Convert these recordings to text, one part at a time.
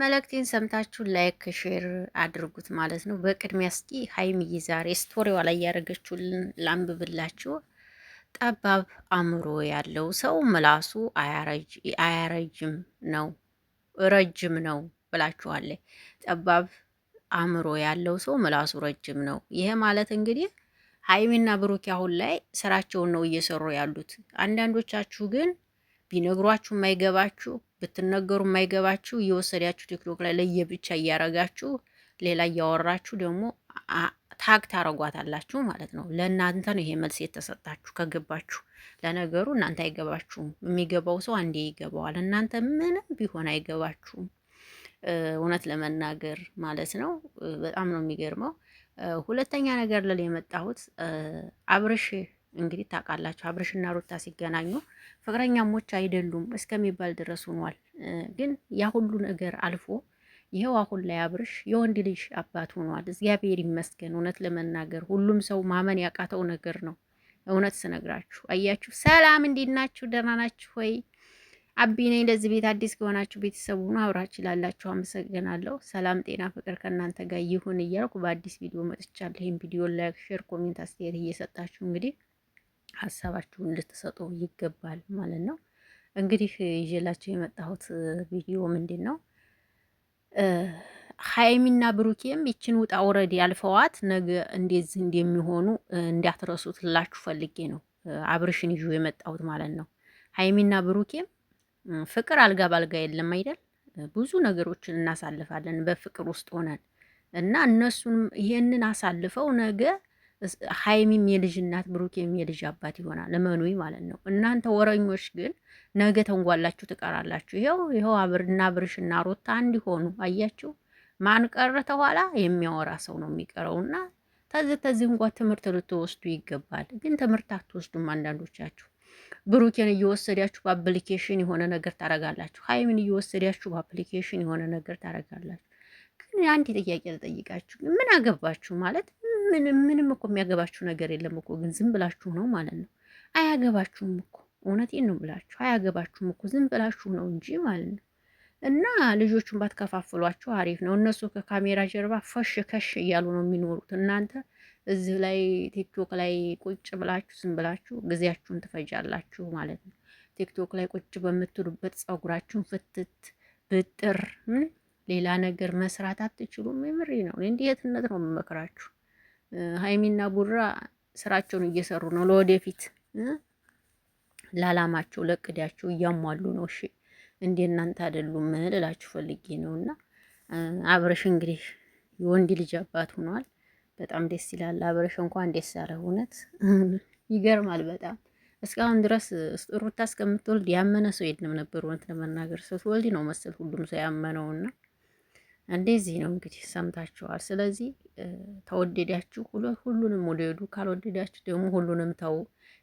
መልእክቴን ሰምታችሁ ላይክ ሼር አድርጉት ማለት ነው። በቅድሚያ እስኪ ሀይሚዬ ዛሬ ስቶሪዋ ላይ ያደረገችሁልን ላንብብላችሁ። ጠባብ አእምሮ ያለው ሰው ምላሱ አያረጅም ነው ረጅም ነው ብላችኋለች። ጠባብ አእምሮ ያለው ሰው ምላሱ ረጅም ነው። ይሄ ማለት እንግዲህ ሀይሚና ብሩኪ አሁን ላይ ስራቸውን ነው እየሰሩ ያሉት። አንዳንዶቻችሁ ግን ቢነግሯችሁ የማይገባችሁ ብትነገሩ የማይገባችሁ እየወሰዳችሁ ቲክቶክ ላይ ለየብቻ እያረጋችሁ ሌላ እያወራችሁ ደግሞ ታግ ታረጓታላችሁ ማለት ነው። ለእናንተ ነው ይሄ መልስ የተሰጣችሁ ከገባችሁ። ለነገሩ እናንተ አይገባችሁም። የሚገባው ሰው አንዴ ይገባዋል። እናንተ ምንም ቢሆን አይገባችሁም። እውነት ለመናገር ማለት ነው። በጣም ነው የሚገርመው። ሁለተኛ ነገር ልል የመጣሁት አብርሽ እንግዲህ ታውቃላችሁ፣ አብርሽና ሩታ ሲገናኙ ፍቅረኛሞች አይደሉም እስከሚባል ድረስ ሆኗል። ግን ያ ሁሉ ነገር አልፎ ይኸው አሁን ላይ አብርሽ የወንድ ልጅ አባት ሆኗል። እግዚአብሔር ይመስገን። እውነት ለመናገር ሁሉም ሰው ማመን ያቃተው ነገር ነው። እውነት ስነግራችሁ አያችሁ። ሰላም እንዴት ናችሁ? ደህና ናችሁ ወይ? አቢ ነኝ። ለዚህ ቤት አዲስ ከሆናችሁ ቤተሰቡ ሁኑ። አብራችሁ ላላችሁ አመሰግናለሁ። ሰላም፣ ጤና፣ ፍቅር ከእናንተ ጋር ይሁን እያልኩ በአዲስ ቪዲዮ መጥቻለሁ። ይህም ቪዲዮ ላይክ፣ ሼር፣ ኮሜንት አስተያየት እየሰጣችሁ እንግዲህ ሀሳባችሁን ልትሰጡ ይገባል ማለት ነው። እንግዲህ ይዤላችሁ የመጣሁት ቪዲዮ ምንድን ነው ሀይሚና ብሩኬም ይችን ውጣ ውረድ ያልፈዋት ነገ እንደዚህ እንደሚሆኑ እንዲያትረሱት ላችሁ ፈልጌ ነው አብርሽን ይዤ የመጣሁት ማለት ነው። ሀይሚና ብሩኬም ፍቅር አልጋ ባልጋ የለም አይደል? ብዙ ነገሮችን እናሳልፋለን በፍቅር ውስጥ ሆነን እና እነሱንም ይህንን አሳልፈው ነገ ሀይሚም የልጅ እናት ብሩኬም የልጅ አባት ይሆናል። እመኑኝ ማለት ነው። እናንተ ወረኞች ግን ነገ ተንጓላችሁ ትቀራላችሁ። ይኸው ይኸው አብርና ብርሽና ሮታ እንዲሆኑ አያችሁ ማን ቀረ ተኋላ? የሚያወራ ሰው ነው የሚቀረውና ተዚህ ተዚህ እንኳ ትምህርት ልትወስዱ ይገባል። ግን ትምህርት አትወስዱም አንዳንዶቻችሁ ብሩኬን እየወሰዳችሁ በአፕሊኬሽን የሆነ ነገር ታረጋላችሁ። ሀይምን እየወሰዳችሁ በአፕሊኬሽን የሆነ ነገር ታረጋላችሁ። ግን አንድ ጥያቄ ተጠይቃችሁ ምን አገባችሁ ማለት ምንም ምንም እኮ የሚያገባችሁ ነገር የለም እኮ ግን ዝም ብላችሁ ነው ማለት ነው። አያገባችሁም እኮ እውነቴን ነው ብላችሁ አያገባችሁም እኮ ዝም ብላችሁ ነው እንጂ ማለት ነው። እና ልጆቹን ባትከፋፍሏቸው አሪፍ ነው። እነሱ ከካሜራ ጀርባ ፈሽ ከሽ እያሉ ነው የሚኖሩት። እናንተ እዚህ ላይ ቲክቶክ ላይ ቁጭ ብላችሁ ዝም ብላችሁ ጊዜያችሁን ትፈጃላችሁ ማለት ነው። ቲክቶክ ላይ ቁጭ በምትሉበት ጸጉራችሁን ፍትት ብጥር ሌላ ነገር መስራት አትችሉም። የምሬ ነው። እንዴትነት ነው የምመክራችሁ። ሀይሚና ቡራ ስራቸውን እየሰሩ ነው። ለወደፊት ለአላማቸው ለቅዳቸው እያሟሉ ነው። እሺ እንደ እናንተ አይደሉም ልላችሁ ፈልጌ ነው። እና አብረሽ እንግዲህ የወንድ ልጅ አባት ሆኗል። በጣም ደስ ይላል። አብረሽ እንኳን ደስ ያለ እውነት ይገርማል በጣም እስካሁን ድረስ ሩታ እስከምትወልድ ያመነ ሰው የለም ነበር። እውነት ለመናገር ስትወልድ ነው መሰል ሁሉም ሰው ያመነውና እንደዚህ ነው እንግዲህ ሰምታችኋል። ስለዚህ ተወደዳችሁ ሁሉንም ውደዱ፣ ካልወደዳችሁ ደግሞ ሁሉንም ተው።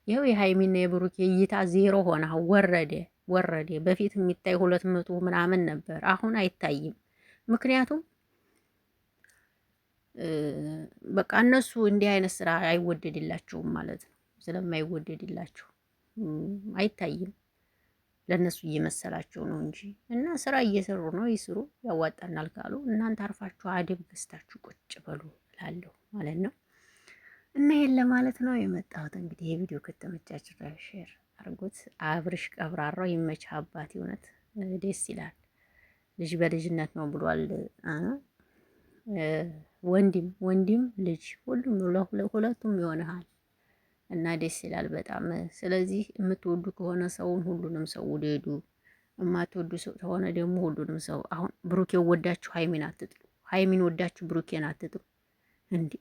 ይኸው የሀይሚና የብሩክ የእይታ ዜሮ ሆነ፣ ወረደ ወረደ። በፊት የሚታይ ሁለት መቶ ምናምን ነበር፣ አሁን አይታይም። ምክንያቱም በቃ እነሱ እንዲህ አይነት ስራ አይወደድላችሁም ማለት ነው። ስለማይወደድላችሁ አይታይም። ለእነሱ እየመሰላቸው ነው እንጂ እና ስራ እየሰሩ ነው ይስሩ፣ ያዋጣናል ካሉ እናንተ አርፋችሁ አደብ ገዝታችሁ ቁጭ በሉ እላለሁ ማለት ነው። እና ይሄን ለማለት ነው የመጣሁት። እንግዲህ የቪዲዮ ከተመቻችሁ ሼር አርጉት አብርሽ ቀብራራው ይመች አባት፣ እውነት ደስ ይላል። ልጅ በልጅነት ነው ብሏል። ወንድም ወንድም ልጅ ሁሉም ሁለቱም ይሆንሃል። እና ደስ ይላል በጣም። ስለዚህ የምትወዱ ከሆነ ሰውን ሁሉንም ሰው ውደዱ። የማትወዱ ሰው ከሆነ ደግሞ ሁሉንም ሰው አሁን ብሩኬ ወዳችሁ ሀይሚን አትጥሉ፣ ሀይሚን ወዳችሁ ብሩኬን አትጥሉ። እንዴ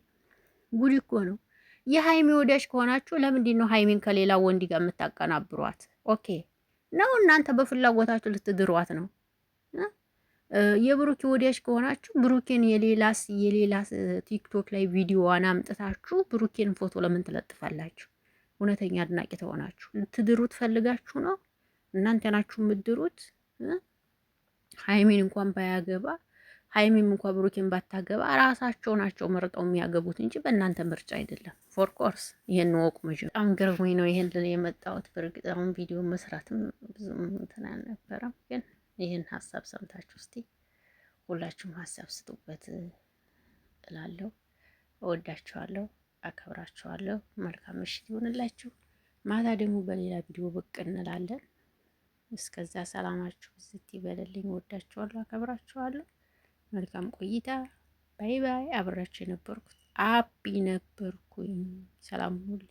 ጉድ እኮ ነው። የሀይሚ ወዳጅ ከሆናችሁ ለምንድን ነው ሀይሚን ከሌላ ወንድ ጋር የምታቀናብሯት? ኦኬ ነው እናንተ በፍላጎታችሁ ልትድሯት ነው። የብሩኬ ወዲያች ከሆናችሁ ብሩኬን የሌላስ የሌላስ ቲክቶክ ላይ ቪዲዮዋን አምጥታችሁ ብሩኬን ፎቶ ለምን ትለጥፋላችሁ? እውነተኛ አድናቂ ተሆናችሁ ልትድሩት ፈልጋችሁ ነው። እናንተ ናችሁ የምትድሩት። ሀይሚን እንኳን ባያገባ ሀይሚም እንኳ ብሩኬን ባታገባ ራሳቸው ናቸው መርጠው የሚያገቡት እንጂ በእናንተ ምርጫ አይደለም። ፎር ኮርስ ይሄን ወቁ። መጀመሪያ በጣም ገርሞኝ ነው ይሄን የመጣሁት። በእርግጥ አሁን ቪዲዮ መስራትም ብዙም እንትን አልነበረም ግን ይህን ሀሳብ ሰምታችሁ እስቲ ሁላችሁም ሀሳብ ስጡበት እላለሁ። እወዳችኋለሁ፣ አከብራችኋለሁ። መልካም ምሽት ይሁንላችሁ። ማታ ደግሞ በሌላ ቪዲዮ ብቅ እንላለን። እስከዛ ሰላማችሁ ብዝት ይበልልኝ። እወዳችኋለሁ፣ አከብራችኋለሁ። መልካም ቆይታ። ባይ ባይ። አብራችሁ የነበርኩት አቢ ነበርኩኝ። ሰላም ሁሉ